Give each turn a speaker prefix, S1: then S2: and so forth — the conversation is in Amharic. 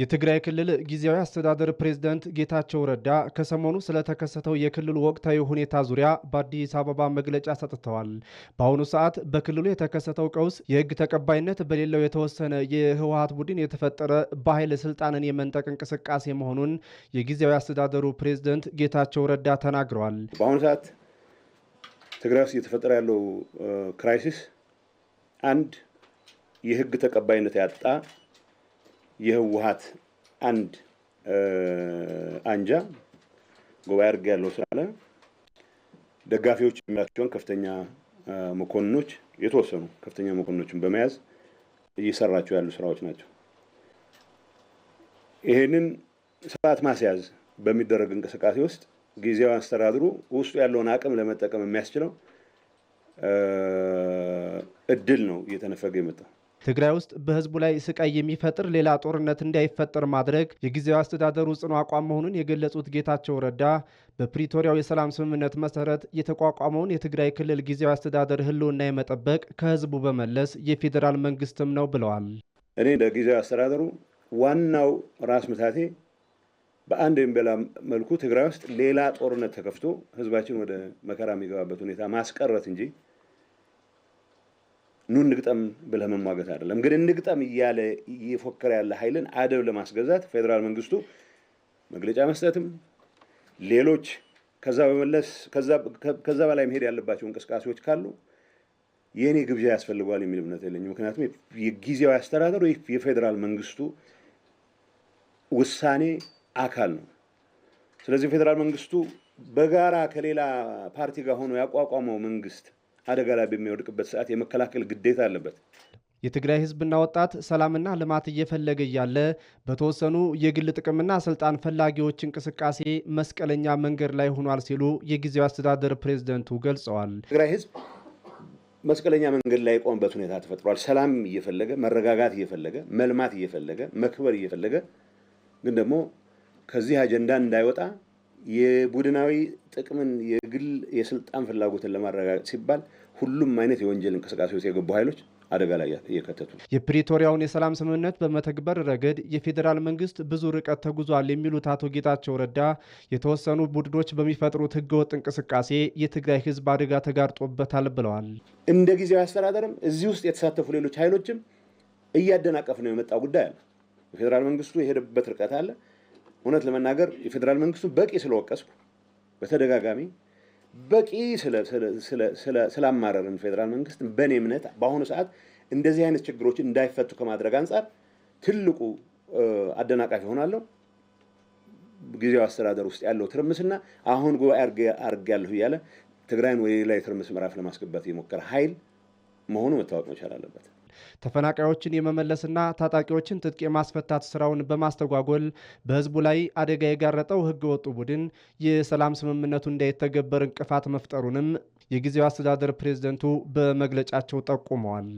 S1: የትግራይ ክልል ጊዜያዊ አስተዳደር ፕሬዝደንት ጌታቸው ረዳ ከሰሞኑ ስለተከሰተው የክልሉ ወቅታዊ ሁኔታ ዙሪያ በአዲስ አበባ መግለጫ ሰጥተዋል። በአሁኑ ሰዓት በክልሉ የተከሰተው ቀውስ የህግ ተቀባይነት በሌለው የተወሰነ የህወሀት ቡድን የተፈጠረ በኃይል ስልጣንን የመንጠቅ እንቅስቃሴ መሆኑን የጊዜያዊ አስተዳደሩ ፕሬዝደንት ጌታቸው ረዳ ተናግረዋል።
S2: በአሁኑ ሰዓት ትግራይ ውስጥ እየተፈጠረ ያለው ክራይሲስ አንድ የህግ ተቀባይነት ያጣ የህወሀት አንድ አንጃ ጉባኤ አድርግ ያለው ስላለ ደጋፊዎች የሚላቸውን ከፍተኛ መኮንኖች የተወሰኑ ከፍተኛ መኮንኖችን በመያዝ እየሰራቸው ያሉ ስራዎች ናቸው። ይሄንን ስርዓት ማስያዝ በሚደረግ እንቅስቃሴ ውስጥ ጊዜያዊ አስተዳድሩ ውስጡ ያለውን አቅም ለመጠቀም የሚያስችለው እድል ነው እየተነፈገ የመጣው።
S1: ትግራይ ውስጥ በህዝቡ ላይ ስቃይ የሚፈጥር ሌላ ጦርነት እንዳይፈጠር ማድረግ የጊዜያዊ አስተዳደሩ ጽኑ አቋም መሆኑን የገለጹት ጌታቸው ረዳ በፕሪቶሪያው የሰላም ስምምነት መሰረት የተቋቋመውን የትግራይ ክልል ጊዜያዊ አስተዳደር ህልውና የመጠበቅ ከህዝቡ በመለስ የፌዴራል መንግስትም ነው ብለዋል።
S2: እኔ ለጊዜያዊ አስተዳደሩ ዋናው ራስ ምታቴ በአንድ ወይም በሌላ መልኩ ትግራይ ውስጥ ሌላ ጦርነት ተከፍቶ ህዝባችን ወደ መከራ የሚገባበት ሁኔታ ማስቀረት እንጂ ኑ እንግጠም ብለህ መሟገት አይደለም። ግን እንግጠም እያለ እየፎከረ ያለ ኃይልን አደብ ለማስገዛት ፌዴራል መንግስቱ መግለጫ መስጠትም ሌሎች ከዛ በመለስ ከዛ በላይ መሄድ ያለባቸው እንቅስቃሴዎች ካሉ የእኔ ግብዣ ያስፈልገዋል የሚል እምነት የለኝ። ምክንያቱም የጊዜያዊ አስተዳደሩ የፌዴራል መንግስቱ ውሳኔ አካል ነው። ስለዚህ ፌዴራል መንግስቱ በጋራ ከሌላ ፓርቲ ጋር ሆኖ ያቋቋመው መንግስት አደጋ ላይ በሚወድቅበት ሰዓት የመከላከል ግዴታ አለበት።
S1: የትግራይ ህዝብና ወጣት ሰላምና ልማት እየፈለገ እያለ በተወሰኑ የግል ጥቅምና ስልጣን ፈላጊዎች እንቅስቃሴ መስቀለኛ መንገድ ላይ ሆኗል ሲሉ የጊዜው አስተዳደር ፕሬዝደንቱ ገልጸዋል።
S2: ትግራይ ህዝብ መስቀለኛ መንገድ ላይ የቆመበት ሁኔታ ተፈጥሯል። ሰላም እየፈለገ መረጋጋት እየፈለገ መልማት እየፈለገ መክበር እየፈለገ ግን ደግሞ ከዚህ አጀንዳ እንዳይወጣ የቡድናዊ ጥቅምን የግል የስልጣን ፍላጎትን ለማረጋገጥ ሲባል ሁሉም አይነት የወንጀል እንቅስቃሴ ውስጥ የገቡ ኃይሎች አደጋ ላይ እየከተቱ
S1: የፕሪቶሪያውን የሰላም ስምምነት በመተግበር ረገድ የፌዴራል መንግስት ብዙ ርቀት ተጉዟል የሚሉት አቶ ጌታቸው ረዳ የተወሰኑ ቡድኖች በሚፈጥሩት ህገወጥ እንቅስቃሴ የትግራይ ህዝብ አደጋ ተጋርጦበታል ብለዋል።
S2: እንደ ጊዜያዊ አስተዳደርም እዚህ ውስጥ የተሳተፉ ሌሎች ኃይሎችም እያደናቀፍ ነው የመጣ ጉዳይ አለ። የፌዴራል መንግስቱ የሄደበት ርቀት አለ። እውነት ለመናገር የፌዴራል መንግስቱን በቂ ስለወቀስኩ በተደጋጋሚ በቂ ስላማረርን ፌዴራል መንግስት በእኔ እምነት በአሁኑ ሰዓት እንደዚህ አይነት ችግሮች እንዳይፈቱ ከማድረግ አንጻር ትልቁ አደናቃፊ ሆናለሁ። ጊዜያዊ አስተዳደር ውስጥ ያለው ትርምስና አሁን ጉባኤ ያለሁ እያለ ትግራይን ወደ ሌላ የትርምስ ምዕራፍ ለማስገባት የሞከረ ኃይል መሆኑ መታወቅ መቻል አለበት።
S1: ተፈናቃዮችን የመመለስና ታጣቂዎችን ትጥቅ የማስፈታት ስራውን በማስተጓጎል በህዝቡ ላይ አደጋ የጋረጠው ወጡ ቡድን የሰላም ስምምነቱ እንዳይተገበር እንቅፋት መፍጠሩንም የጊዜው አስተዳደር ፕሬዝደንቱ በመግለጫቸው ጠቁመዋል።